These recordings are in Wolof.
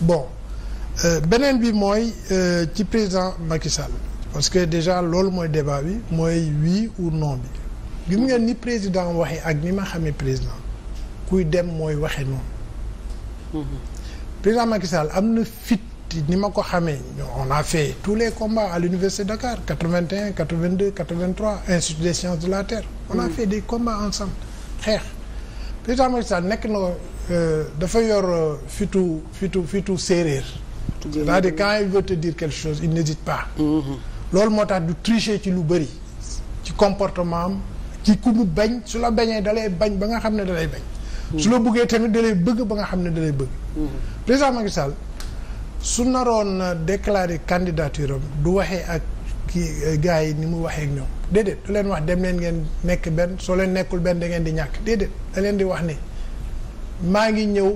bon euh, beneen bi mooy euh, ci président Macky parce que déjà loolu mooy débat bi mooy oui ou non bi gis ngeen ni président waxee ak ni ma xamee président kuy dem mooy waxee noonu. président Macky Sall am na fit ni ma ko xamee on a fait tous les combats à l'université Dakar 81 82 83 institut des sciences de la terre. on a mm. fait des combats ensemble xeex. président Macky Sall nekk na euh, dafa yor euh, fitu fitu fitu séeréer. c'est-à-dire quand il veut te dire quelque chose il n'hésite pas. Mm-hmm. loolu moo tax du tricher ci lu bëri. ci comportement ci ku bañ su la bañee dalay bañ ba nga xam ne dalay bañ. su la buggee tamit dalay bëgg ba nga xam ne dalay bëgg. Mm-hmm. président Macky Sall su naroon na euh, déclarer candidature am du waxee ak. kii eh, gars yi ni mu waxee ak ñoom déedéet du leen wax dem leen ngeen nekk benn soo leen nekkul benn da ngeen di ñàkk déedéet da leen di wax ni maa ngi ñëw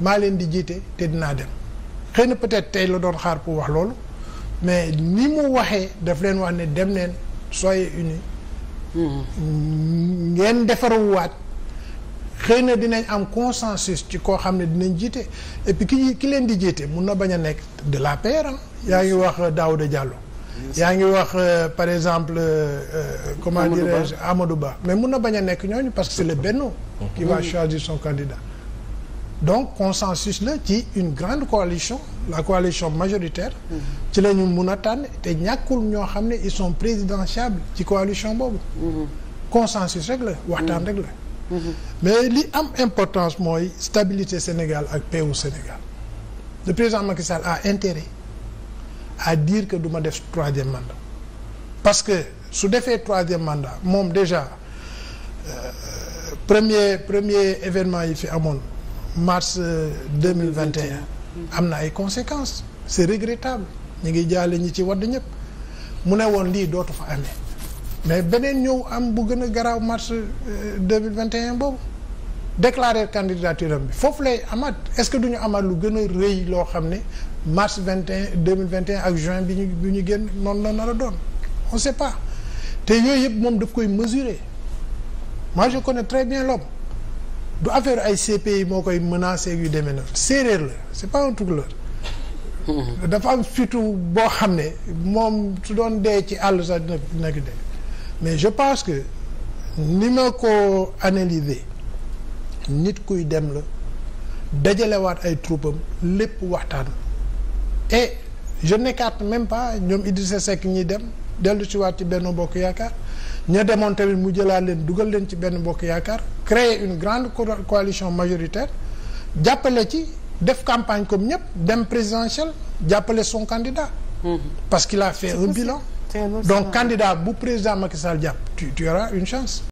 maa leen di jiite te dinaa dem xëy na peut-être tey la doon xaar pour wax loolu mais ni mu waxee daf leen wax ne dem leen soyez unis hmm. ngeen defaruwaat xëy na dinañ am consensus ci koo xam ne dinañ jiite et ki ki leen di jiite mun na bañ a nekk de la per ah yaa ngi wax eh, Daouda jàlloo yaa ngi wax euh, par exemple euh, euh, comment dirais-je Amadou Ba mais mun na bañ a nekk ñooñu parce que c'est le Benno qui va choisir son candidat donc consensus la ci une grande coalition la coalition majoritaire mm-hmm. ci la mun a tànn te ñàkkul ñoo xam ne ils sont présidentiables ci coalition boobu mm-hmm. consensus rek la waxtaan mm-hmm. rek la mais li am importance mooy stabilité Sénégal ak paix au Sénégal le président Macky Sall a intérêt à dire que du ma def troisième mandat parce que su defee troisième mandat moom déjà euh, premier premier événement yi fi amoon mars euh, deux mille vingt et am na ay conséquences c'est regrettable ñu ngi jaale ñi ci wadd ñëpp mu ne woon lii dootu fa amee mais beneen ñëw am bu gën a garaaw mars euh, deux mille boobu déclarer candidature am bi foofu lay amaat est-ce que du ñu amaat lu gën a rëy loo xam ne mars vingt et un vingt et ak juin bi ñu bi ñu génn noonu la nar a doon on sait pas te yooyu yëpp moom daf koy mesurer moi je connais très bien l'homme du affaire ay yi moo koy menacé yu demee nag séeréer la c'est pas un tougleur dafa am surtout boo xam ne moom su doon dee ci àll sax dina dina ko mais je pense que ni ma ko analyser nit kuy dem la dajalewaat ay troupam lépp waxtaan et je n'écarte même pas ñoom Idrissa Seck ñiy dem dellu si waat ci Benno Bokk Yaakaar ña demoon tamit mu jëlaat leen dugal leen ci benn Bokk Yaakaar créer une grande coalition majoritaire jàppale ci def campagne comme ñëpp dem présidentielle jàppale son candidat mm-hmm. parce qu'il a fait un bilan donc candidat bu président Macky Sall jàpp tu une chance